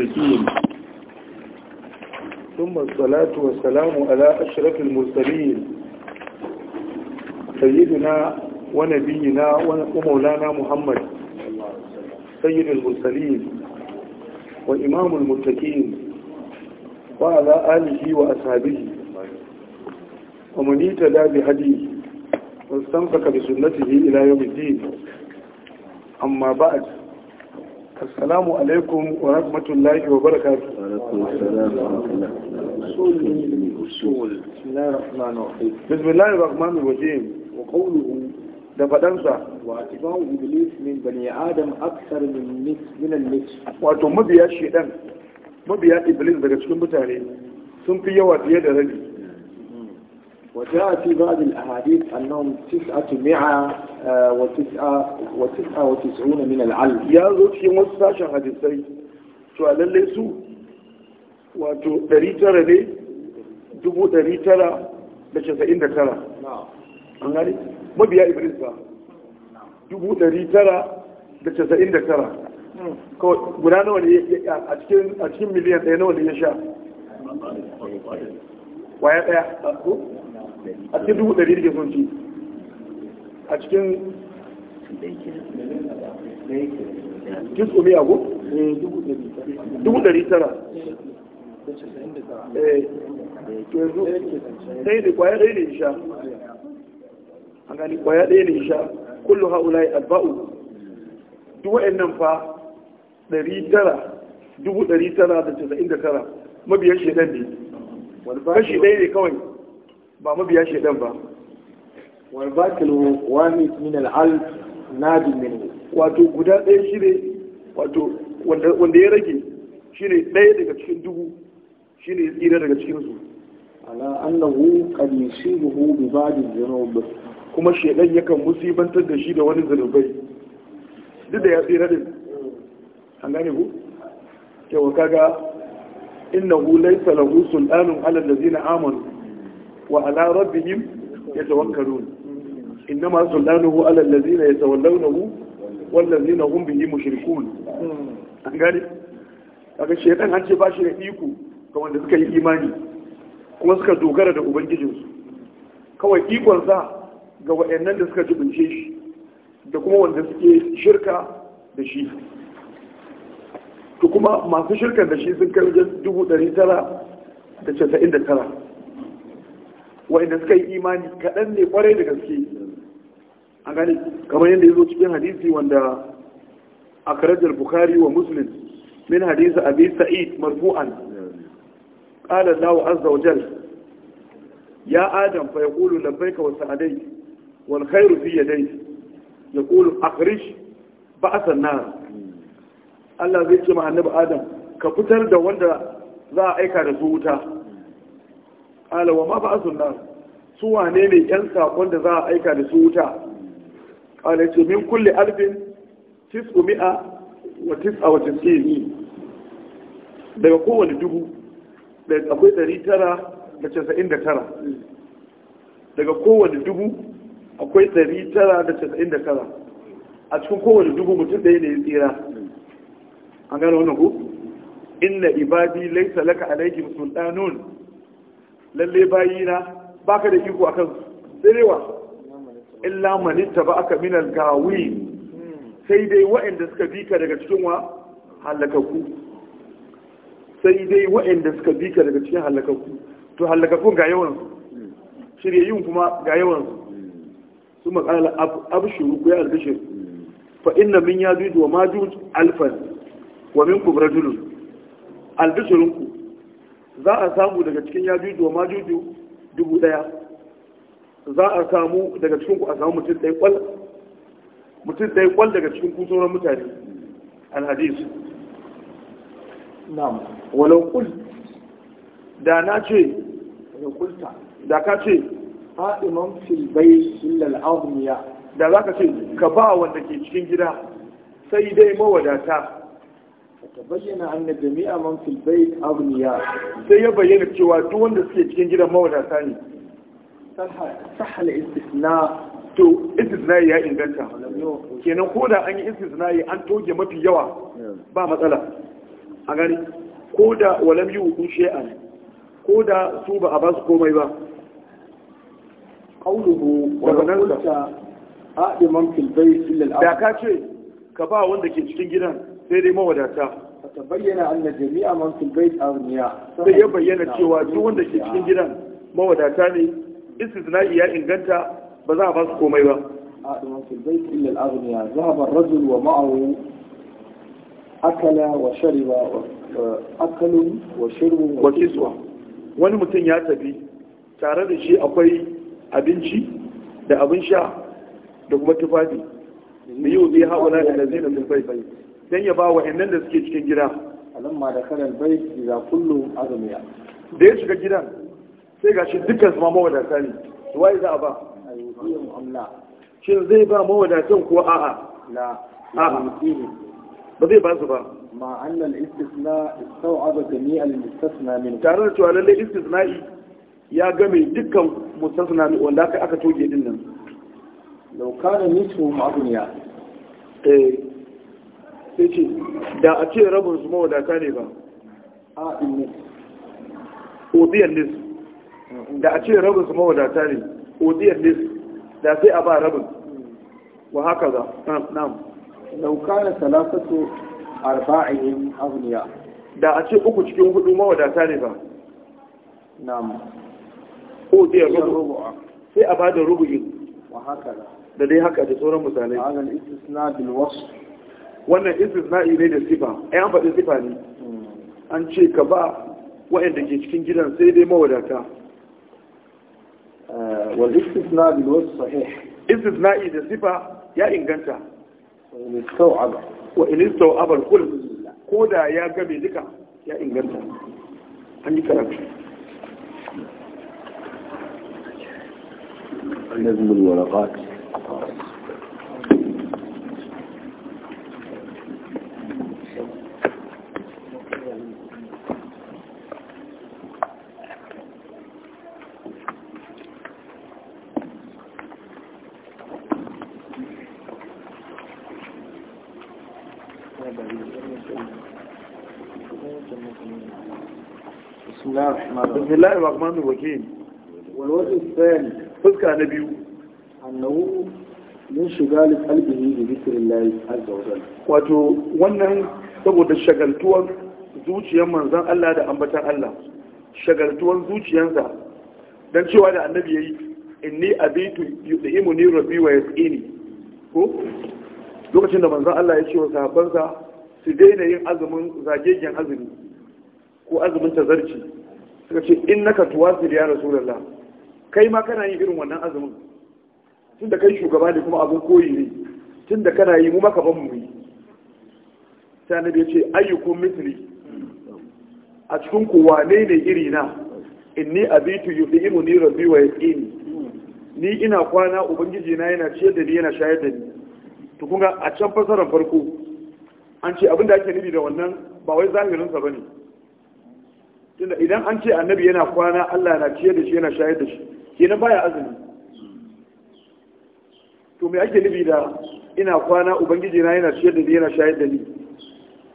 المتقين ثم الصلاة والسلام على أشرف المرسلين سيدنا ونبينا ومولانا محمد سيد المرسلين وإمام المتقين وعلى آله وأصحابه ومن يتدى بهديه واستمسك بسنته إلى يوم الدين أما بعد السلام عليكم ورحمة الله وبركاته السلام بسم الله الرحمن الرحيم وقوله دفدنسا واتباع إبليس من بني آدم أكثر من النس من النس واتو مبيا شيئا مبيا إبليس بغتشون بتاني ثم في يواتي يدرني وجاء في بعض الأحاديث أنهم تسعة مئة وتسعة وتسعة وتسعون من العلم يا زوج في مستشفى حديثي سؤال اللي سو واتو دريترا دي دبو دريترا لشتائن دكرا نعم أنا ما بيا إبريس با dubu ɗari tara da casa'in da tara guda nawa ne a cikin miliyan ɗaya nawa ne ya sha waya ɗaya a cikin dubu ɗari da sun son ci a cikin jisu mai dubu ɗari tara eh, yanzu ɗaya ne kwaya ɗaya ne sha an gani kwaya ɗaya ne sha kullu haula alba'u duk wa'annan fa ɗari tara dubu ɗari tara da casa'in da tara mabiyan shaidan ne kashi ɗaya ne kawai ba mabiya shaidan ba wal batilu wani min al alf nadi min wato guda ɗaya shine wato wanda ya rage shine ɗaya daga cikin dubu shine ya tsira daga cikin su ala annahu qad yusibuhu bi ba'd dhunub kuma shaidan yakan musibantar da shi da wani zanubai duk da ya tsira din an gane ku cewa kaga innahu laysa lahu sultanun ala allazina amanu wa ala rabbihim yatawakkalun innama sullanuhu ala allazina yatawallawnahu wallazina hum bihi mushrikun an gane kaga shedan an ce ba shi da iko ga wanda suka yi imani kuma suka dogara da ubangijinsu kawai ikonsa ga waɗannan da suka jibince shi da kuma wanda suke shirka da shi to kuma masu shirka da shi sun kai wajen dubu ɗari tara da casa'in da tara wa'inda suka yi imani kaɗan ne ƙwarai da gaske kamar yadda ya zo cikin hadisi wanda a karajar bukari wa muslim min hadisi abi sa'id marfu'an ƙalar lawa azza wa ya adam fa ya kulu labbai ka wasu adai wani khairu fi ya dai ya kulu akhrish ba a sannan. Allah zai ce ma adam ka fitar da wanda za a aika da su wuta qala wa ma su nan su wane ne yan sakon da za a aika da su wuta qala ce min kulle alfin tis mi'a wa tis'a wa tis'in daga kowane dubu akwai ɗari tara da casa'in da tara daga kowane dubu akwai ɗari tara da casa'in da tara a cikin kowane dubu mutum ɗaya ne ya tsira an gano wannan ku inna ibadi laisa laka alaihim sultanun lalle bayina baka da iko akan tsirewa illa manitta ba aka minal gawi sai dai wa'anda suka bi ka daga cikin wa halakaku sai dai wa'anda suka bi ka daga cikin halakaku to halakaku ga yawan yin kuma ga yawan su makala abshuru ku ya albishir fa inna min yajuj wa majuj alfan wa minkum rajulun ku. za a samu daga cikin ya yajuju ma majuju dubu daya za a samu daga cikin ku a samu mutum ɗaya kwal mutum ɗaya kwal daga cikin ku sauran mutane alhadis na'am walau kul da na ce da kulta da ka ce imam fil bai illa al'azmiya da za ka ce ka ba wanda ke cikin gida sai dai mawadata tabayyana anna jami'a man fil bayt aghniya sai ya bayyana cewa duk wanda suke cikin gidan mawadata ne sahal istisna to istisna ya inganta kenan ko da an yi istisna an toge mafi yawa ba matsala a gani ko da walam yi hukun shi'an ko da su ba a ba su komai ba ƙaunuhu wadannan da a iman filbai da ka ce ka ba wanda ke cikin gidan sai dai mawadata ta bayyana anna jami'a man fil bayt aghniya sai ya bayyana cewa duk wanda ke cikin gidan mawadata ne istisna'i ya inganta ba za a ba su komai ba a man fil bayt illa al aghniya zahaba ar-rajul wa ma'ahu akala wa shariba akalun wa shirbun wa kiswa wani mutum ya tafi tare da shi akwai abinci da abin sha da kuma tufafi da yau zai hawa na da zai da bai bai dan ya ba wa ƴannan da suke cikin gida alamma da kanar bai idza kullu azumiya. da ya shiga gidan sai gashi dukkan su ma mawadata ne wai za a ba shin zai ba mawadatan ko a'a la a'a ba zai ba su ba ma annal istisna istaw'aba jami' al mustasna min tare da cewa lalle istisna'i ya game dukkan mustasna min wanda aka toge din nan law nisfu ma'duniya eh sai ce da a ce rabin su mawadata ne ba a inu odiyar nis da a ce rabin su mawadata ne odiyar nis da sai a ba rabin wa haka za na'am laukana talatatu arba'in abuniya da a ce uku cikin hudu mawadata ne ba na'am odiyar rubu sai a ba da rubu wa haka da dai haka da tsoron misalai a ga istisna bil wannan istisna'i ne da sifa ai an faɗi sifa ne an ce ka ba waɗanda ke cikin gidan sai dai mawadata eh, wal istisna bil sahih istisna'i da sifa ya inganta wa in istaw'aba al kull ko da ya gabe duka ya inganta an yi karatu نزم الورقات بسم الله الرحمن الرحيم بسم الله والوجه الثاني فذكر نبيه أنه من شغال قلبه بذكر الله عز وجل wato wannan saboda shagaltuwar zuciyar manzon Allah da ambatan Allah shagaltuwar zuciyarsa dan cewa da annabi yayi inni abitu yudhimuni rabbi wa yasqini ko lokacin da manzan Allah ya ce wa sahabbansa su daina yin azumin zagegen azumi ko azumin tazarci suka ce in innaka tuwasil ya rasulullah kai ma kana yin irin wannan azumin tunda kai shugaba ne kuma abin koyi ne tunda kana yi mu maka ban mu yi sai ya ce ayyukun Misiri. a cikin ku wane ne iri na inni abitu yudimu ni rabbi wa yaqini ni ina kwana ubangiji na yana ciyar da ni yana shayar da ni to kun a can fasarar farko an ce abinda ake nufi da wannan ba wai zahirinsa ba ne tunda idan an ce annabi yana kwana allah na ciyar da shi yana shayar da shi kenan baya azumi to me ake nufi da ina kwana ubangiji na yana ciyar da ni yana shayar da ni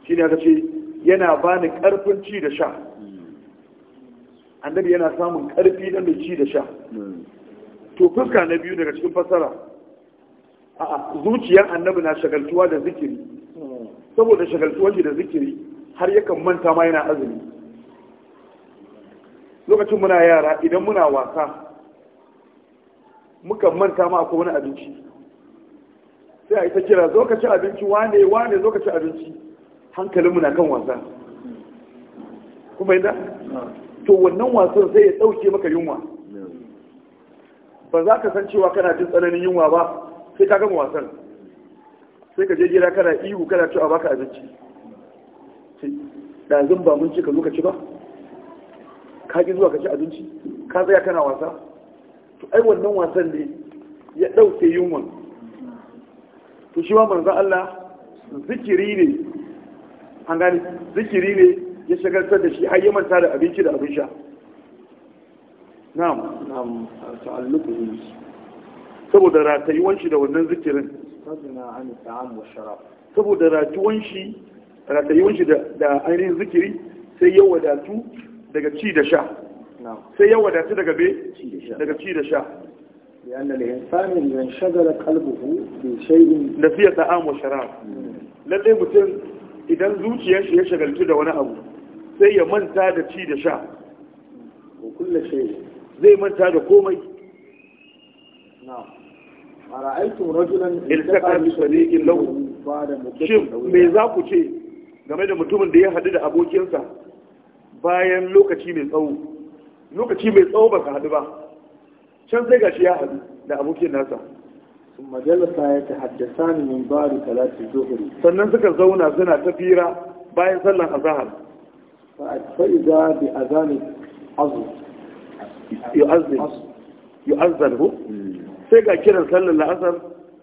shine aka ce yana bani karfin ci da sha annabi yana samun karfi dan da ci da sha hmm. to fuska na biyu daga cikin fasara a'a zuciyar annabi na shagaltuwa da zikiri saboda shagaltuwa ce da zikiri har yakan manta ma yana azumi lokacin muna yara idan muna wasa muka manta ma akwai wani abinci sai a yi ta kira zo ka ci abinci wane wane zo ka ci abinci hankalin muna kan wasa kuma yadda to wannan wasan sai ya ɗauke maka yunwa ba za ka san cewa kana jin tsananin yunwa ba sai ka gama wasan sai ka je gida kana ihu kana ci a baka abinci ɗazin ba mun ci ka lokaci ba ka ki zuwa ka ci abinci ka tsaya kana wasa to ai wannan wasan ne ya ɗauke yunwa. to shi wa manzan Allah zikiri ne an gani zikiri ne ya shagaltar da shi har ya manta da abinci da abin sha na'am na'am ta'alluqu saboda ratayuwan shi da wannan zikirin saboda ratayuwan shi ratayuwan shi da ainihin zikiri sai ya wadatu daga ci da sha sai ya wadatu daga be daga ci da sha لأن الإنسان إذا انشغل قلبه بشيء طعام وشراب lalle mutum idan zuciyar shi ya shagaltu da wani abu sai ya manta da ci da sha zai manta da komai iltakar sadiqin lahu shin me za ku ce game da mutumin da ya haɗu da abokinsa bayan lokaci mai tsawo lokaci mai tsawo ba ka haɗu ba can sai gashi ya haɗu da abokin nasa Majalisa ya ta haddasa ni min bari talatin zuhuri sannan suka zauna suna ta fira bayan sallan azahar fa'iza bi azanin azu yu'azzin yu'azzan hu hmm. sai ga kiran sallar la'asar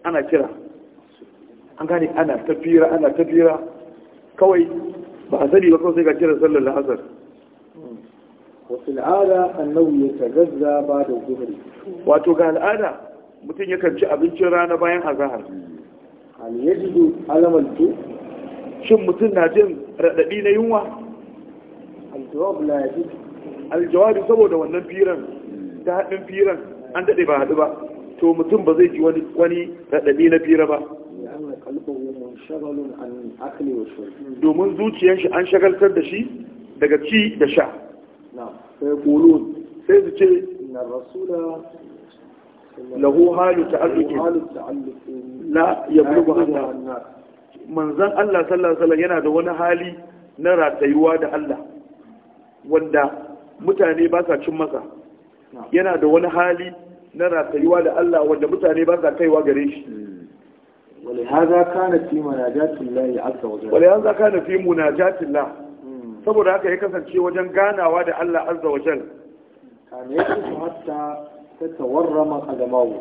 ana kira an gane ana tafira ana tafira kawai ba a sani ba kawai sai ga kiran sallar la'asar wasu al'ada annabi ya gazza ba da zuhari wato ga al'ada mutum yakan ci abincin rana bayan azahar Hali ya alamal alamalto shin mutum na jin raɗaɗi na yunwa al la saboda wannan firan ta haɗin firan an dade ba haɗu ba to mutum ba zai ji wani wani raɗaɗi na fira ba domin zuciyar shi an shagaltar da shi daga ci da sha sai su ce na rasula lahu halu ta'alluqin la yablughu anna manzon Allah sallallahu alaihi yana da wani hali na ratayuwa da Allah wanda mutane ba sa cin masa yana da wani hali na ratayuwa da Allah wanda mutane ba sa kaiwa gare shi ولهذا كان في مناجات الله عز وجل ولهذا كان في مناجات الله saboda haka ya kasance wajen ganawa da Allah azza wa jal kan yake su hatta ta tawarrama qadamahu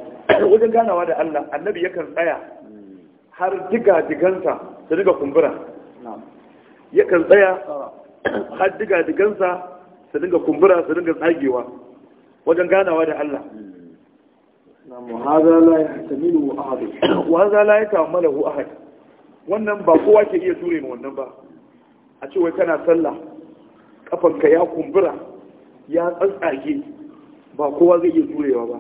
wajen ganawa da Allah annabi yakan tsaya hmm. har diga digansa su diga kumbura yakan tsaya har diga digansa su dinga kumbura su dinga tsagewa wajen ganawa da Allah hmm. wanda la ya ta وهذا لا wannan ba kowa ke iya ture ma wannan ba a ce wai kana sallah kafanka ya kumbura ya tsatsage ba kowa zai iya turewa ba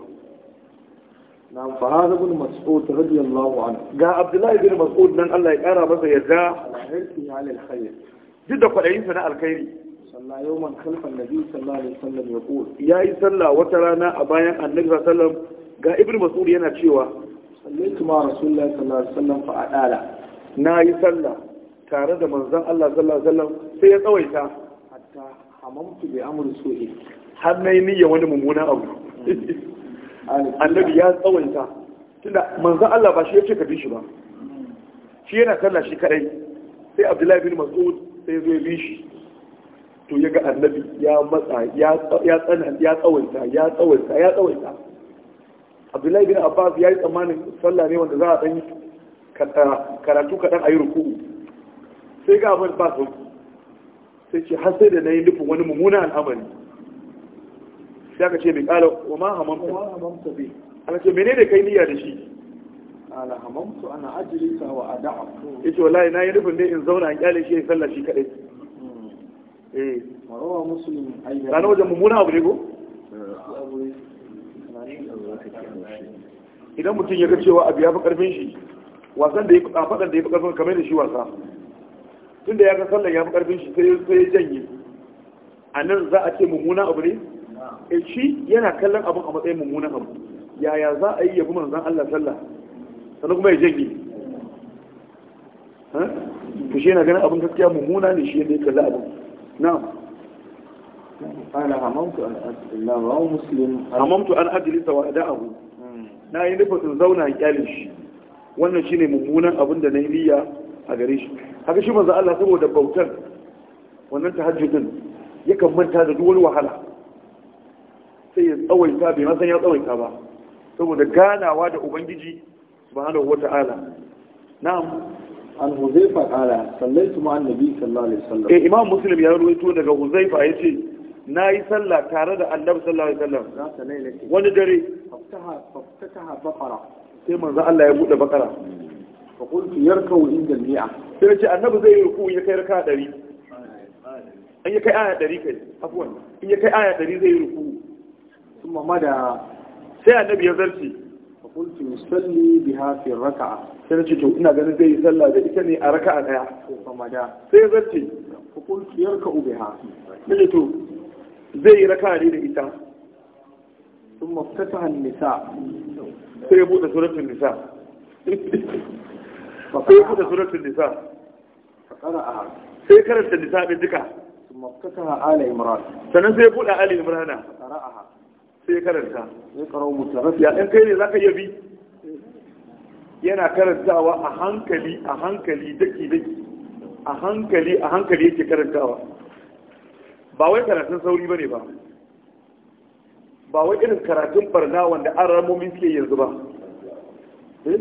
na fahara bin mas'ud radiyallahu anhu ga abdullahi bin mas'ud nan Allah ya kara masa yarda alhirsi halil khair duk da kwadayin sa na alkhairi sallah yawman khalfan nabi sallallahu alaihi wasallam ya qul yayi sallah wata rana a bayan annabi sallallahu alaihi wasallam ga ibn mas'ud yana cewa sallaitu ma rasulullahi sallallahu alaihi wasallam fa adala na yi sallah tare da manzon Allah sallallahu alaihi wasallam sai ya tsawaita hatta hamamtu bi amri su'i har nayi niyyar wani mummunan abu annabi ya tsawaita tunda manzon Allah ba shi yace ka bi shi ba shi yana sallah shi kadai sai Abdullahi bin Mas'ud sai zai bi shi to yaga annabi ya matsa ya tsawaita ya tsawaita ya tsawaita abdullahi bin abbas ya yi tsammanin sallah ne wanda za a ɗan karatu kaɗan a yi ruku'u sai ga abin ba su sai ce har sai da na yi nufin wani mummuna al'amari sai aka ce bai ƙala wa ma hamamta bi ana ce mene da kai niyya da shi ala hamamtu ana ajirisa wa ada'a yace wallahi na yi nufin ne in zauna in ƙyale shi ya sallah shi kaɗai hmm. eh ranar wajen mummuna abu ne ko eh, idan mutum ya ga cewa abu ya fi karfin shi wasan da ya a da ya fi karfin kamar da shi wasa tunda ya ga sallan ya fi karfin shi sai ya janye a nan za a ce mummuna abu ne e shi yana kallon abu a matsayin mummuna abu yaya za a yi yabi manzan Allah sallah sannan kuma ya janye to shi yana ganin abin gaskiya mummuna ne shi yadda ya kalli abin na'am قال هممت أن أجلس رواه مسلم هممت أن أجلس وأدعه na yi nufin zauna in kyale shi wannan shine mummunan abin da na yi niyya a gare shi haka shi manzo Allah saboda bautar, wannan tahajjudin yakan manta da duk wani wahala sai ya tsawaita bai ma san ya tsawaita ba saboda ganawa da ubangiji subhanahu wata'ala na'am an huzaifa qala sallaitu ma'an nabi sallallahu alaihi wasallam eh imam muslim ya ruwaito daga huzaifa yace na yi sallah tare da annabi sallallahu alaihi wasallam wani dare faftataha bakara sai manzo Allah ya bude bakara fa qultu yarkau inda mi'a sai ya ce annabi zai yi ruku ya kai raka 100 in ya kai aya 100 kai afwan in ya kai aya 100 zai yi ruku kuma mada sai annabi ya zarci fa qultu yusalli biha fi raka'a sai ya ce to ina ganin zai yi sallah da ita ne a raka'a daya fa mada sai ya zarci fa qultu yarkau biha sai to zai yi raka da ita sun mafata nisa sai ya buɗe suratun nisa sai ya buɗe suratun nisa sai karanta nisa ɗin duka sun mafata ala imran sannan sai ya buɗe ala imrana sai karanta ya karo mutarafiya ɗan kai ne ka iya bi yana karantawa a hankali a hankali daki daki a hankali a hankali yake karantawa ba wai karatun sauri bane ba ba wai irin karatun barna wanda an ramomin suke yanzu ba eh?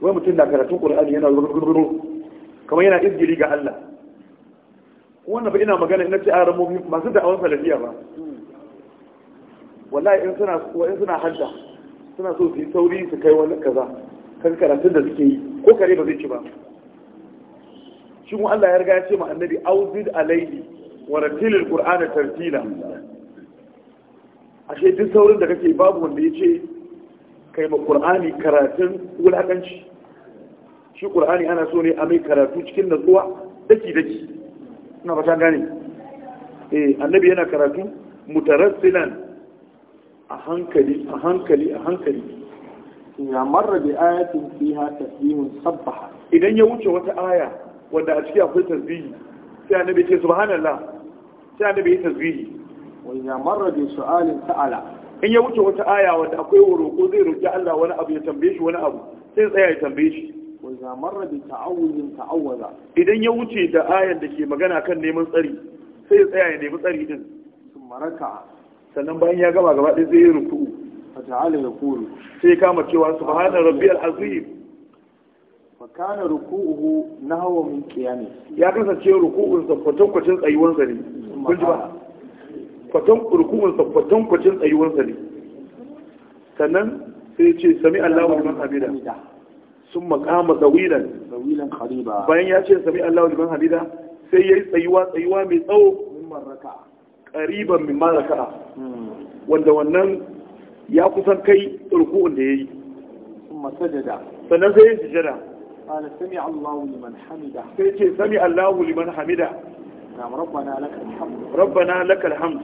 wai mutum na karatun ƙur'ani yana rurururu kamar yana izgiri ga Allah wannan ba ina magana ina ce an ramomin masu awon salafiya ba wallahi in suna in suna hadda suna so su yi sauri su kai wani kaza kan karatun da suke yi ko kare ba zai ci ba شو الله يرجع شيء ما النبي أوزد عليه ورتيل القرآن ترتيلا عشان تصور إنك أنت باب واللي شيء كيما القرآن كراتن ولا كنش شو القرآن أنا سوني أمي كراتو كل نزوع دكي دكي أنا بشان غني إيه النبي أنا كراتو مترسلا أهانكلي أهانكلي أهانكلي إذا مر بآية فيها تسليم صبح إذا يوجد وتأية wanda a ciki akwai tasbihi sai annabi ce subhanallah sai annabi yi tasbihi wa idza marra bi su'alin ta'ala in ya wuce wata aya wanda akwai ko zai roƙi Allah wani abu ya tambaye shi wani abu sai tsaya ya tambaye shi wa ya marra bi ta'awuzin ta'awaza idan ya wuce da ayan da ke magana kan neman tsari sai ya tsaya ya nemi tsari din maraka sannan bayan ya gama gaba ɗaya zai yi ruku'u fa ta'ala ya kuru sai kama cewa rabbi rabbiyal azim fakana ruku'uhu nahwa min qiyami ya kasance ruku'un sa kwatan kwacin tsayuwan sa ne kun ji ba kwatan ruku'un sa kwatan kwacin tsayuwan sa ne sannan sai ce sami Allahu liman hamida sun makama tsawilan tsawilan khariba bayan ya ce sami Allahu liman hamida sai yayi tsayuwa tsayuwa mai tsawo min raka'a qariban min raka'a hmm. wanda wannan ya kusan kai ruku'un da yayi sun masajada sannan sai ya sujada قال سمع الله لمن حمده سيجي سمع الله لمن حمده نعم ربنا لك الحمد ربنا لك الحمد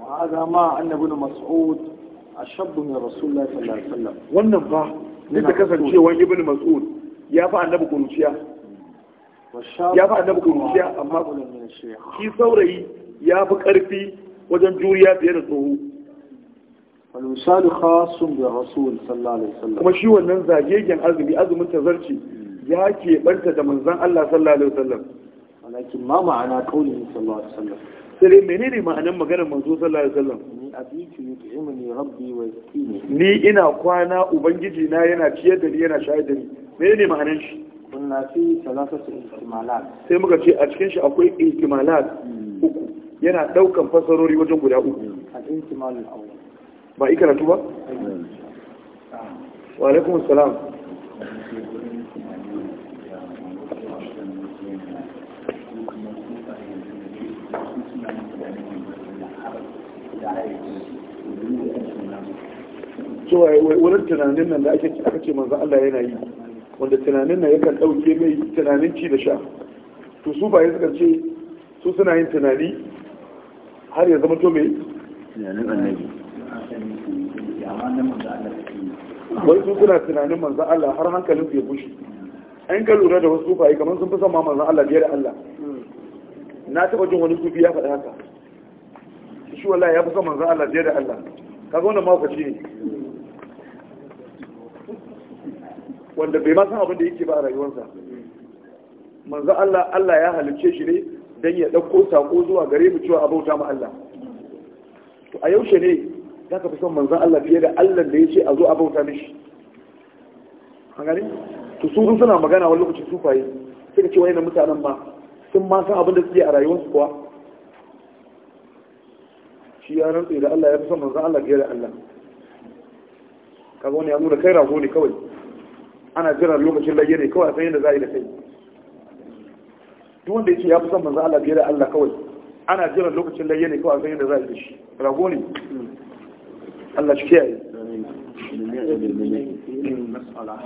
وهذا ما أن ابن مسعود أشد من رسول الله صلى الله عليه وسلم wannan fa duk da ibn mas'ud ya fa annabi kunciya ya fa annabi kunciya saurayi ya fi karfi wajen juriya fiye da tsoho والوصال خاص بالرسول صلى الله عليه وسلم kuma shi wannan zagegen azumi azumin tazarci ya keɓanta da manzan Allah sallallahu alaihi wasallam alakin ma ma'ana kauli sallallahu alaihi wasallam sai dai menene ma'anan maganar manzo sallallahu alaihi wasallam ni abitu yut'imuni rabbi wa yasqini ni ina kwana ubangiji na yana ciyar da ni yana shayar da ni menene ma'anan shi kunna fi salasatu ihtimalat sai muka ce a cikin shi akwai ihtimalat hmm. uku yana daukan fasarori wajen guda uku al-ihtimal al-awwal ba ikaratu ba wa alaikum assalam cewa wurin tunanin nan da aka ce manzo Allah yana yi wanda tunanin nan yakan ɗauke mai tunanin ci da sha to su ba suka ce su suna yin tunani har ya zama to mai tunanin annabi wani su suna tunanin manzo Allah har hankalin ya bushe an ka lura da wasu sufaye kamar sun fi son ma manzo Allah biyar da Allah na taɓa jin wani sufi ya faɗa haka shi wallahi ya fi son manzan Allah fiye da Allah kaga wannan mahaukaci ne wanda bai ma san abin da yake ba a rayuwarsa manzan Allah Allah ya halicce shi ne don ya ɗauko sako zuwa gare mu cewa abauta mu Allah to a yaushe ne za ka fi son manzan Allah fiye da Allah da ya ce a zo abauta mishi an gani to su suna magana wani lokaci sufaye suka ce wani mutanen ma sun ma san abin da suke a rayuwarsu kuwa شيئا إلى الله يبصم الزعل غير الله كابوني أمور كيرا هوني كوي أنا جرى اللغة جل يري كوي أفين زائل كي دون دي شيئا بصم الزعل غير الله كوي أنا جرى اللغة جل يري كوي أفين زائل كي رابوني الله شكيئ من المسألة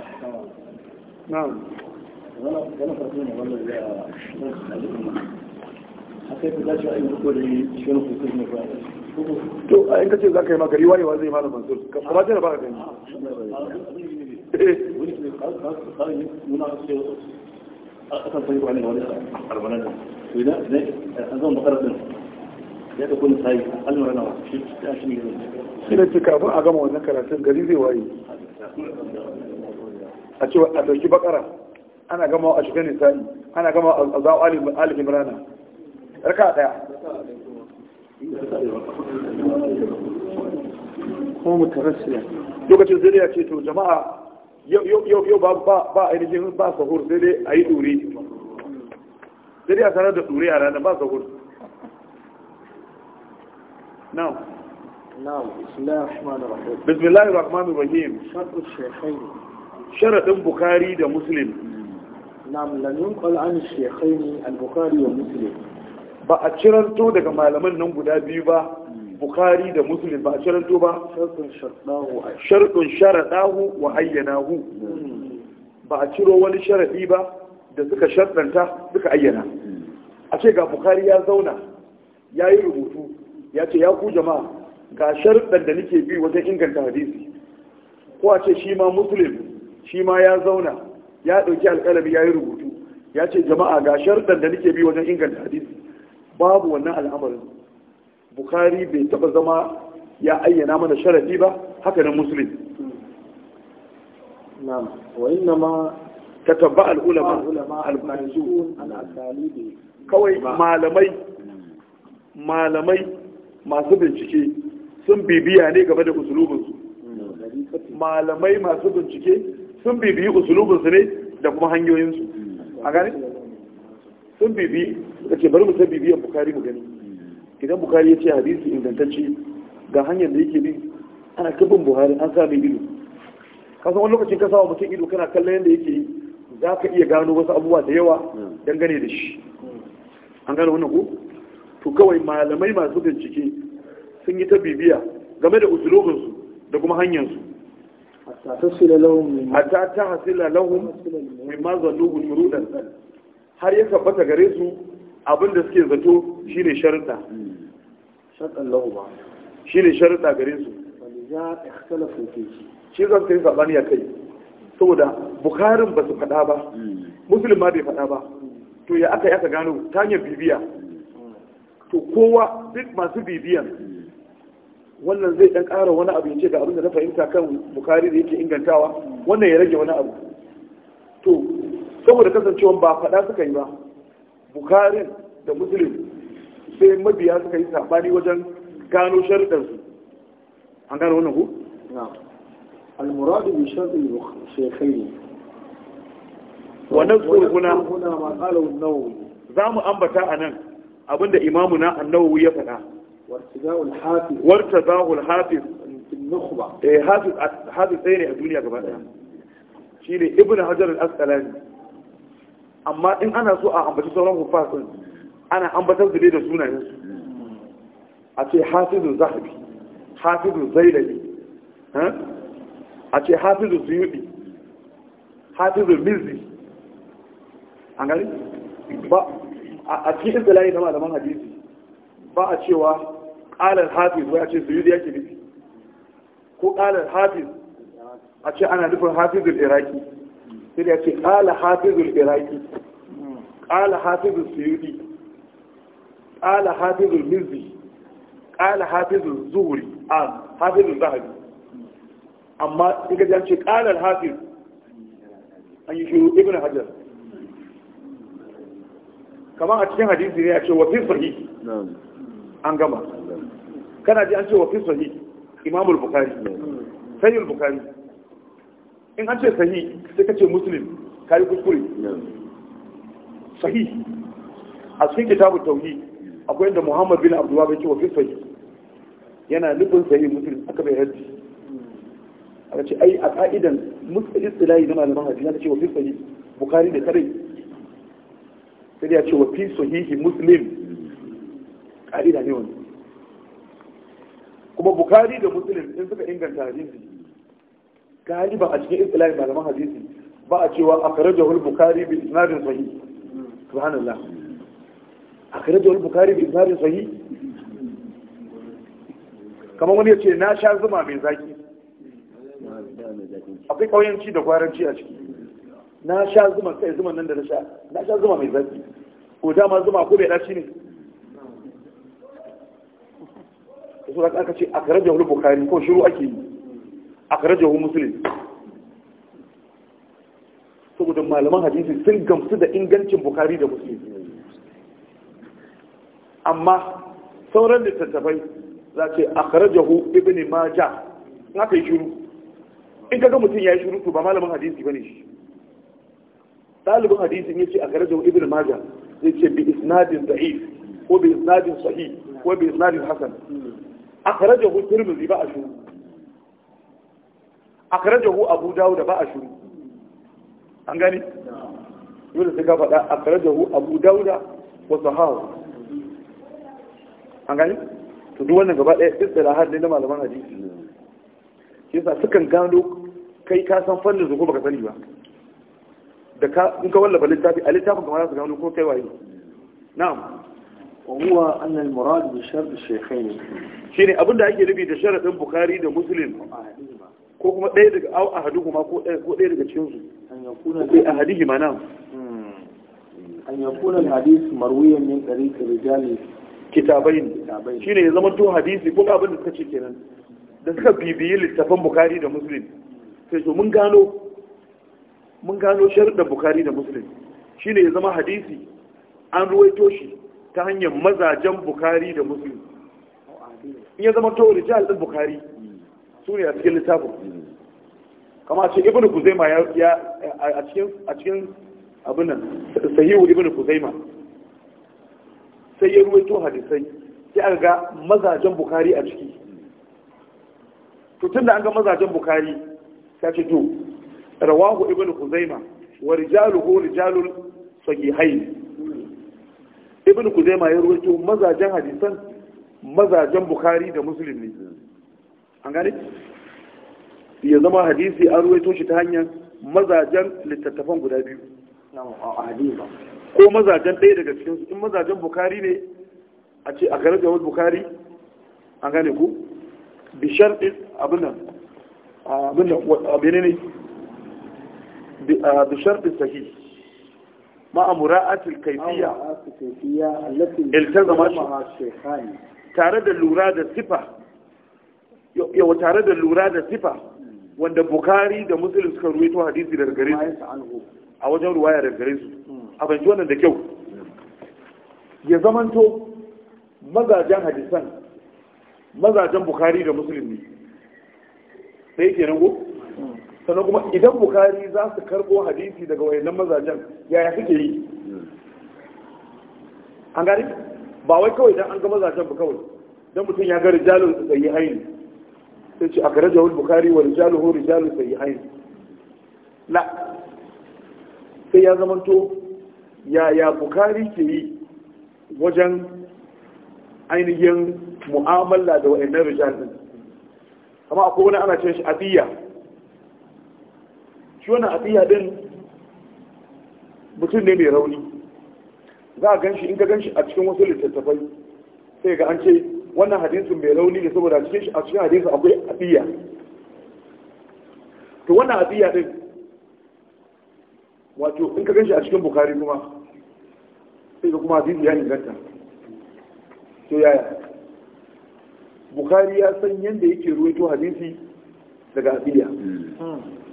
نعم والله انا فاكر ان والله ده حسيت ده شيء يقول لي شنو في كل مره to a yanka ce za ka yi maka riwaye wa zai mala mansur ka kuma jana ba ka gani akan fahimta wani wani arbanan to idan an zama bakarar din ya ka kuni sayi almar nawa shi ta shi ne shi ne kafin a gama wannan karatun gari zai waye a cewa a dauki bakara ana gama a shiga nisa'i ana gama a zawo alifin rana raka daya ko mutarassiya lokacin zai ya ce to jama'a yau ba ainihin ba sahur sai dai a yi ɗure sai dai a sanar da ɗure a ranar ba sahur now now bismillahir rahmanir rahim sharadin bukari da muslim nam lam yunqal an shaykhaini al-bukhari wa muslim ba a ciranto daga malaman nan guda biyu ba bukari da muslim ba a ciranto ba sharɗin sharaɗahu wa ayyanahu ba a ciro wani sharaɗi ba da suka sharɗanta suka ayyana a ce ga bukari ya zauna ya yi rubutu ya ce ya ku jama'a ga sharɗan da nake bi wajen inganta hadisi ko a ce shi ma muslim shi ma ya zauna ya ɗauki alƙalami ya yi rubutu ya ce jama'a ga sharɗan da nake bi wajen inganta hadisi babu wannan al'amarin bukari bai taba zama ya ayyana mana sharafi ba haka nan muslim na'am wa inna ma tatabba al-ulama al kawai malamai malamai masu bincike sun bibiya ne game da usulubinsu malamai masu bincike sun bibiyi usulubinsu ne da kuma hanyoyinsu a gani sun bibiyi. suka ce bari mu ta bibiyar bukari mu gani idan bukari ya ce hadisi ingantacce ga hanyar da yake bi ana kafin buhari an sa mai ido san wani lokacin ka sawa mutum ido kana kallon yadda yake yi za ka iya gano wasu abubuwa da yawa dangane da shi an gano wannan ko to kawai malamai masu bincike sun yi ta bibiya game da usulubinsu da kuma hanyarsu hatta ta hasila lahum mimma murudan har ya tabbata gare su abin da suke zato shine ne sharta shi ne sharta gare su ya ikhtalafu fi shi zan kai sabani ya kai saboda bukarin ba su faɗa ba hmm. musulun ma bai faɗa ba hmm. to ya aka yi aka gano ta hanyar bibiya hmm. to kowa duk masu bibiyan wannan zai ɗan ƙara wani abu ya ce ga abin da na fahimta kan bukari da yake ingantawa wannan ya rage wani abu to saboda kasancewa ba faɗa suka yi ba bukarin da muslim sai mabiya suka yi sabani wajen gano sharuɗansu an gano wannan ku? al-muradu bi sharɗin kai wannan tsohuna za mu ambata a nan abinda imamu na annawawi ya faɗa warta za zahul hafiz hafiz tsaye ne a duniya gaba ɗaya shi ne ibn hajar al-asqalani amma in ana so a ambaci sauran hufas ana ambatar da da sunayen su a ce hafizun zahabi hafizun zailabi a ce hafizun suyudi hafizun mizzi an gani ba a cikin istilahi na malaman hadisi ba a cewa ƙalar hafiz wai a ce ya ke nufi ko ƙalar hafiz a ce ana nufin hafizun iraki sai da ce ƙala hafizul iraki ƙala hafizul siyudi ƙala hafizul mizi ƙala hafizul zuhuri a hafizul zahari amma in ka ce ƙalar hafiz an yi shiru ibn hajar kamar a cikin hadisi ne a ce wa sahi an gama kana ji an ce wa sahi imamul bukari sayyid bukari in an ce sahi sai ka ce muslim ka yi kuskure sahi a cikin kitabu tauhi akwai inda muhammad bin abdullahi bai ce wa fi sahi yana nufin sahi muslim aka bai haddi aka ce ai a ka'idan muslim tsilayi na malaman hadisi aka ce wa fi sahi bukari da tare sai ya ce wa fi sahihi muslim ka'ida ne wani kuma bukari da muslim in suka inganta hadisi galiba a cikin islami malaman hadisi ba a cewa akhrajahu al-bukhari bi isnadin sahih subhanallah akhrajahu al-bukhari bi isnadin sahih kamar wani ya ce na sha zuma mai zaki akwai kauyanci da kwaranci a ciki na sha zuma sai zuman nan da na sha na sha zuma mai zaki ko dama zuma ko bai dace ne to sai aka ce akhrajahu al-bukhari ko shiru ake yi akhrajahu musulun saboda malaman hadisi sun gamsu da ingancin bukari da musulun amma sauran littattafai za ce akhrajahu ibn maja na kai shiru in kaga mutum ya yi shiru to ba malaman hadisi ne shi ɗalibin hadisin yace akhrajahu ibn Maja zai ce bi isnadin da'if ko bi isnadin sahih ko bi isnadin hasan akhrajahu turmi ba a shiru akarajahu abu dawud ba a shuru an gani yadda suka ka faɗa akrajahu abu dawud wa sahahu an gani to duk wannan gaba ɗaya istilahat ne na malaman hadisi yasa sukan gano kai ka san fannin zuko baka sani ba da ka in ka wallafa littafi a littafin kamar su gano ko kai waye na'am وهو أن المراد بشرط الشيخين شيني أبدا ake نبي ده شرط البخاري ده مسلم ko kuma ɗaya daga a hadu kuma ko ɗaya daga cikin su sai ahadihima nan hmm. an yakuna al-hadith marwiyan min tariq kitabai Shi shine ya zama to hadisi ko abin da suka ce kenan da suka bibiyi littafan bukari da muslim sai to mun gano mun gano bukari da muslim shine ya zama hadisi an ruwaito shi ta hanyar mazajen bukari da muslim in ya zama to rijal din bukari hmm. su ne a cikin littafin kama ce ibn kuzaima ya a cikin abin nan sahihu ibn kuzaima sai ya ruwaito hadisai sai aka ga mazajen bukari a ciki to tun da an ga mazajen bukari ta ce to rawahu ibn kuzaima wa rijaluhu rijalul sahihai ibn kuzaima ya ruwaito mazajen hadisan mazajen bukari da muslim ne an gane ya zama hadisi an ruwaito shi ta hanyar mazajen littattafan guda biyu ko mazajen ɗaya daga cikin in mazajen bukari ne a ce a garin jawar bukari an gane ku bishar ɗin abinan abinan abin ne bishar ɗin sahi ma'a mura'atul kaifiya iltazama tare da lura da sifa Yau tare da lura da sifa wanda bukari da musulun suka ruwaito hadisi daga gare su a wajen ruwaya daga gare su hmm. a banci wannan da kyau ya zamanto mazajen hadisan mazajen bukari da musulun ne sai ke nan hmm. sannan kuma idan bukari za su karbo hadisi daga wayannan mazajen yaya suke yi an gari ba wai kawai don an ga mazajen ba kawai don mutum ya gari jalo su sayi haini sai ce akhrajahu al bukari wa rijaluhu rijalu sahihain la sai ya zamanto yaya bukari ke yi wajen ainihin mu'amala da wa'annan rijal din amma akwai wani ana cin shi abiya shi wannan abiya din mutum ne mai rauni za a gan shi in ka gan shi a cikin wasu littattafai sai ga an ce wannan hadisin mai rauni ne saboda a cikin hadisu akwai abiya to wannan abiya din wato in ka ganshi a cikin bukari kuma sai ka kuma hadisu ya inganta to yaya bukari ya san yadda yake to hadisi daga abiya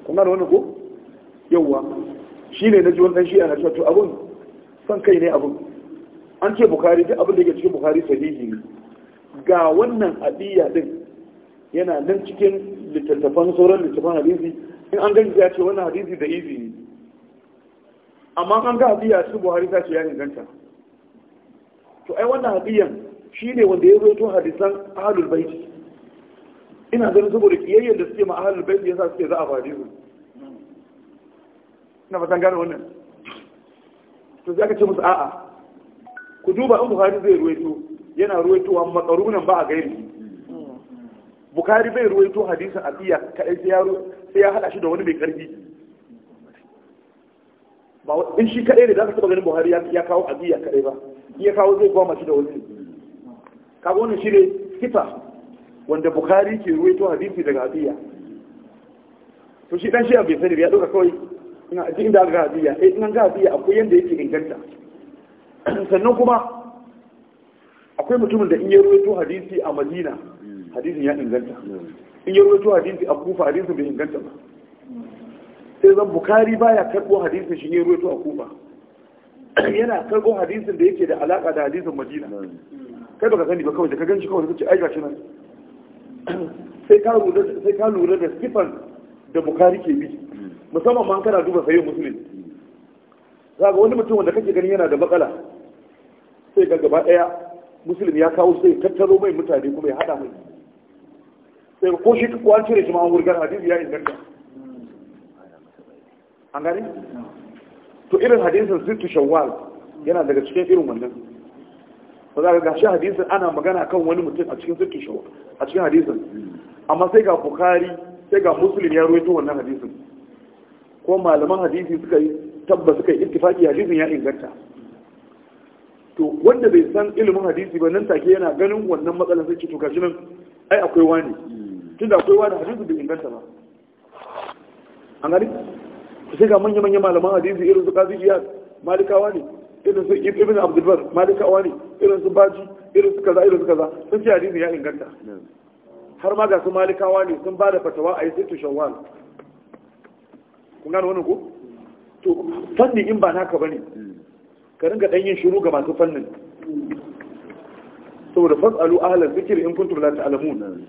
kuma da wannan ko yawwa shi ne na ji wannan shi a to abun san kai ne abun an ce bukari duk abin da yake cikin bukari sahihi ne ga wannan hadiyya din yana nan cikin littattafan sauran littattafan hadisi in an gani ya ce wannan hadisi da izi ne amma an ga hadiyya su buhari ta ce ya inganta to ai wannan hadiyan shine wanda ya zo roto hadisan ahalul baiti ina ganin saboda kiyayyar da suke ma ahlul baiti yasa suke za a su ina fatan gane wannan to sai aka ce musu a'a ku duba in buhari zai ruwaito yana a matsarunan ba a gairi bukari bai ruwaito hadisin abiya kaɗai sai ya haɗa shi da wani mai ƙarfi in shi kaɗai ne za ka taɓa ganin buhari ya kawo abiya kaɗai ba iya kawo zai goma shi da wani kaga wannan shi ne kifa wanda bukari ke ruwaito hadisi daga abiya to shi ɗan shi bai sani ya ɗauka kawai ina jin da ga abiya eh ina ga abiya akwai yanda yake inganta sannan kuma akwai mutumin da in ya ruwaito hadisi a madina hadisin ya inganta in ya ruwaito hadisi a kufa hadisin bai inganta ba sai zan bukari baya karɓo hadisin shi ya ruwaito a kufa yana karɓo hadisin da yake da alaƙa da hadisin madina kai baka sani ba kawai da ka ganshi kawai kace ai gashi nan sai ka lura sai ka lura da sifan da bukari ke bi musamman ma kana duba sayyid muslim zaga wani mutum wanda kake gani yana da matsala sai ga gaba daya Musulun ya kawo sai tattaro mai mutane kuma ya hada mai sai ko shi ko an cire shi ma an wurgar hadisi ya inganta an gani to irin hadisin sittu shawwal yana daga cikin irin wannan ba za ka gashi hadisin ana magana kan wani mutum a cikin sittu shawwal a cikin hadisin amma sai ga bukhari sai ga Musulun ya ruwaito wannan hadisin ko malaman hadisi suka yi tabbas suka yi ittifaki hadisin ya inganta to wanda bai san ilimin hadisi ba nan take yana ganin wannan matsalar sai to gashi nan ai akwai wani tunda akwai wani hadisi bai inganta ba an gani sai ga manya manya malaman hadisi irin su kazi iyad malikawa ne irin su ibn abdulbar malikawa ne irin su baji irin su kaza irin su kaza sun ce hadisi ya inganta har ma ga su malikawa ne sun bada fatawa a yi sai to shawwal kun gane wannan ko to fanni in ba naka bane ka ringa ɗanyen yin shiru ga masu fannin saboda fasalu ahlan zikir in kuntum la ta'lamun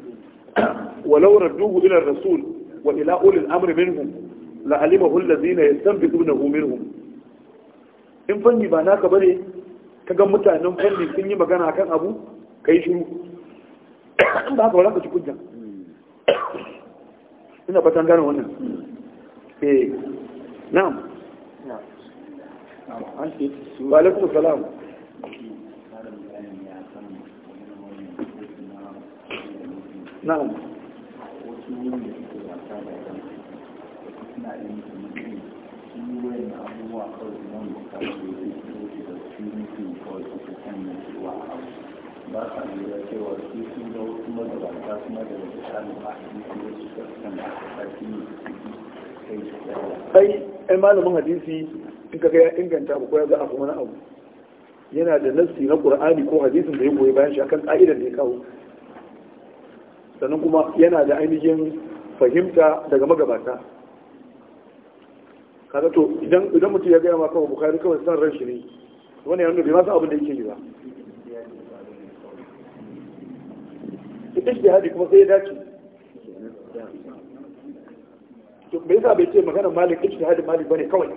walau radduhu ila rasul wa ila ulil amri minhum la alimahu allazina yastanbitunahu minhum in fanni ba naka bane ga mutanen fanni sun yi magana akan abu kai shiru in ba ka wala ka ci kujja. ina fatan gane wannan eh na'am wa alaikum salam na'am ba a lura cewa su sun ga wasu magabata kuma da misalin a cikin su kan da a cikin kai malamin hadisi in kaga ya inganta abu ko ya ga abu wani abu yana da nassi na qur'ani ko hadisin da ya goyi bayan shi akan ka'idar da ya kawo sannan kuma yana da ainihin fahimta daga magabata kaga to idan idan mutum ya gaya ma kawai bukari kawai san ran shi ne wani ya nuna bai masa abin da yake yi ba ijtihadi kuma sai ya dace to me yasa bai ce magana malik ijtihadi malik bane kawai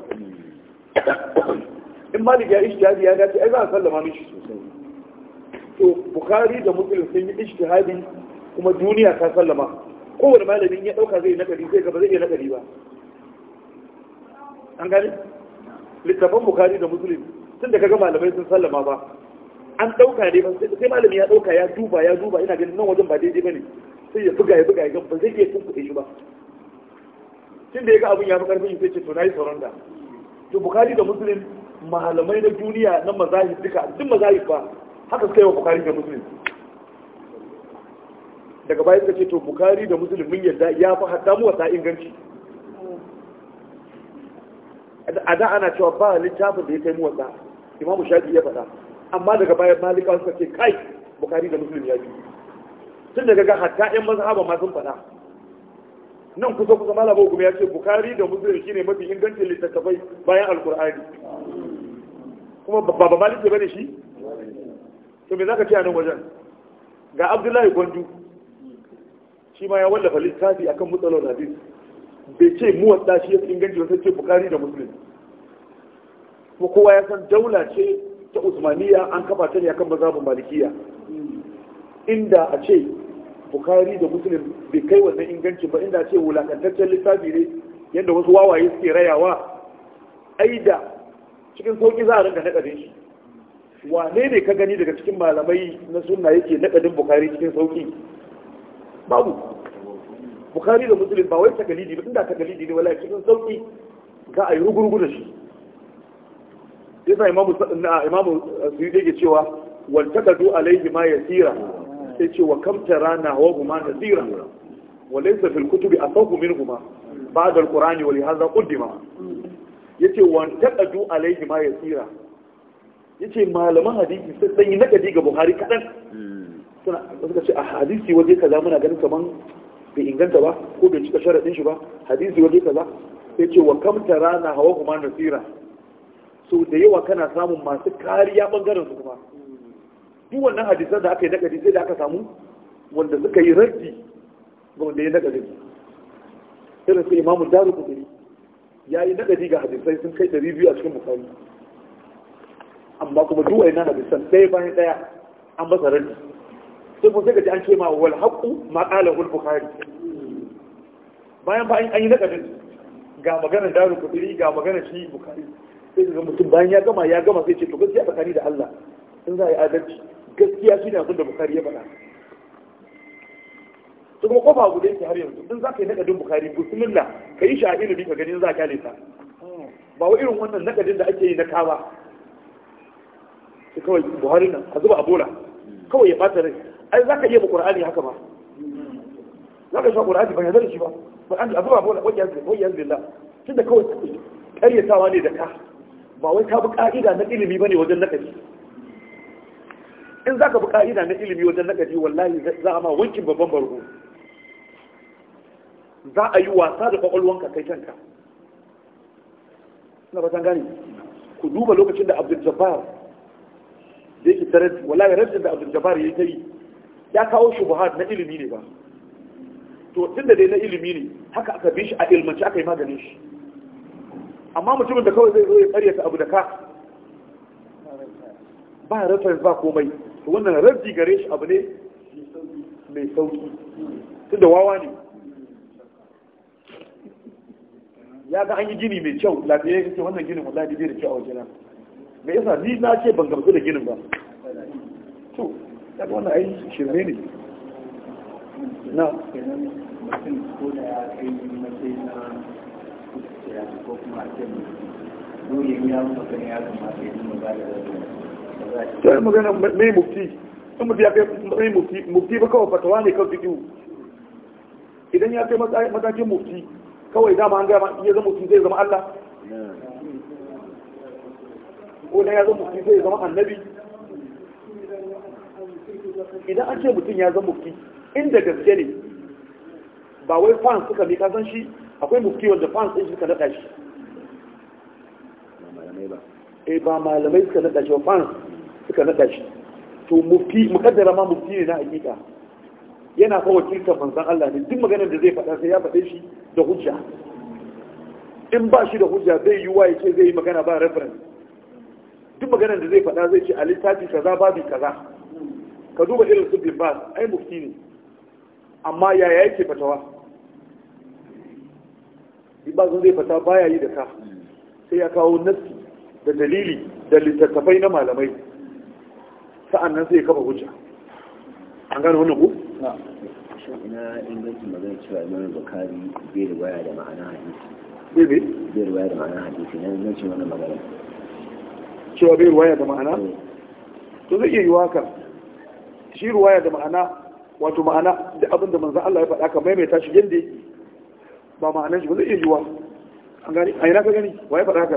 in malik ya ijtihadi ya dace ai za a sallama mishi sosai to bukari da muslim sun yi ijtihadi kuma duniya ta sallama kowane malamin ya dauka zai nakari sai gaba zai iya nakari ba an gani littafan Bukari da muslim tun da kaga malamai sun sallama ba an dauka ne sai malami ya dauka ya duba ya duba ina ganin nan wajen ba daidai bane sai ya buga ya buga ya ba zai iya tunkuɗe shi ba tun da ya ga abin ya fi karfin sai ce to na yi sauran da to bukari da muslim malamai na duniya na mazahib duka duk mazahib ba haka suka yi wa bukari da muslim daga baya suka ce to bukari da muslim mun yadda ya fi hadda mu wata inganci a da ana cewa ba littafin da ya kai mu wata imamu shafi ya faɗa amma daga baya malika suka ce kai bukari da muslim ya bi tun daga ga hatta yan mazhaba ma sun faɗa nan kusa kusa Malam kuma ya ce bukari da muslim ne mafi ingancin littattafai bayan alkur'ani kuma baba maliki bane shi to me zaka ce a nan wajen ga abdullahi gwandu shi ma ya wallafa littafi akan mutsalon hadis bai ce muwadda shi ya fi inganci wata ce bukari da muslim kuma kowa ya san daula ce ta usmaniya an kafa ta ne akan mazhabin malikiya inda a ce Bukhari da muslim bai kai wannan inganci ba inda ce wulakantaccen littafi ne yadda wasu wawaye suke rayawa ai da cikin sauki za a rinka nakadin shi wane ne ka gani daga cikin malamai na sunna yake nakadin bukari cikin sauki babu Bukhari da muslim ba wai takalidi ba inda takalidi ne wallahi cikin sauki za a yi rugurugu da shi yasa imamu imamu su ke cewa wal takadu alaihi ma yasira sai ce wa kamtara na hawa guma na wa laisa fil kutubi a sauku min guma ba da alkurani wali haza kuddima ya ce wa taɗadu alaihi ma ya tsira ya ce malaman hadisi sai yi na ga buhari kaɗan suka ce a ah, hadisi waje kaza muna ganin kaman bai inganta ba ko bai cika sharaɗin shi ba hadisi waje kaza sai ce wa kamtara na hawa guma na tsira so da yawa kana samun masu kariya ɓangaren su kuma duk wannan hadisan da aka yi nagari sai da aka samu wanda suka yi raddi ga wanda ya nagari irin su imamu daru kudiri ya yi nagari ga hadisai sun kai ɗari biyu a cikin bukari amma kuma duk wayannan hadisan ɗaya bayan ɗaya an masa raddi sai kuma sai ka ji an ce ma wal haqqu ma qala al bukhari bayan bayan an yi nagari ga maganar daru kudiri ga maganar shi bukari sai ga mutum bayan ya gama ya gama sai ce to gaskiya tsakani da Allah in za a yi adalci gaskiya ne abin da bukari ya faɗa su kuma kofa guda yake har yanzu din ka yi nakadin bukari bismillah ka yi shahi da ka ganin zaka ne ta ba wa irin wannan nakadin da ake yi na kawa kawai buhari nan a zuba a bola kawai ya bata rai ai ka iya ba qur'ani haka ba ka sha qur'ani ba ya zara shi ba qur'ani a zuba a bola wajen wajen billah tunda kawai karyatawa ne da ka ba wai ka bi ka'ida na ilimi ba ne wajen nakadi in za ka bi ka'ida na ilimi wajen nakadi wallahi za a ma wankin babban bargo za a yi wasa da kwakwalwanka kai kanka na ba gani ku duba lokacin da abdul jabbar da yake tare wallahi rajin da abdul jabbar ya yi ta yi ya kawo shi Buhari na ilimi ne ba to tun da dai na ilimi ne haka aka bi shi a ilmanci aka yi maganin shi amma mutumin da kawai zai zo ya karyata abu da ka ba reference ba komai to wannan raddi gare shi abu ne mai sauki da wawa ne ya ga an yi gini mai kyau lafiya ya ce wannan ginin wallahi bai da kyau a wajena me yasa ni na ce ban gamsu da ginin ba to ya ga wannan ai shirme ne na ko da ya kai matsayi na ko kuma a ce dole ya magana ya kamata ya yi ba da sai magana mai mufti in mutu ya kai mai mufti mufti ba kawai fatawa ne kan fiƙiyu idan ya mata matakin mufti kawai dama an gama iya zama mufti zai zama Allah ko na ya zama mufti zai zama annabi idan an ce mutum ya zama mufti inda gaske ne ba wai fans suka bi kasan shi akwai mufti wanda fans ɗin suka daɗa shi E, ba malamai suka nada shi ba fans suka nada shi to mufti mukaddara ma mufti ne na hakika yana fa kirkan manzon Allah ne duk maganar da zai faɗa sai ya faɗe shi da hujja in ba shi da hujja zai yi wa yake zai yi magana ba reference duk maganar da zai faɗa zai ce a littafi kaza babu kaza ka duba irin su bin bas ai mufti ne amma yaya yake fatawa bin zai fata baya yi da ka sai ya kawo nasi da dalili da littattafai na malamai sa'an nan sai ya kafa hujja an gane wannan ku? na ingancin magana cewa imanin bukari bai da waya da ma'ana hadisi bai bai da waya da ma'ana hadisi na ingancin wannan magana cewa bai ruwaya da ma'ana eh. to zai iya yi haka shi ruwaya da ma'ana wato ma'ana da abin da manzan Allah ya faɗa ka maimaita shi yadda ba ma'anar shi ba zai iya yiwa an gani a yana ka gani wa ya faɗa ka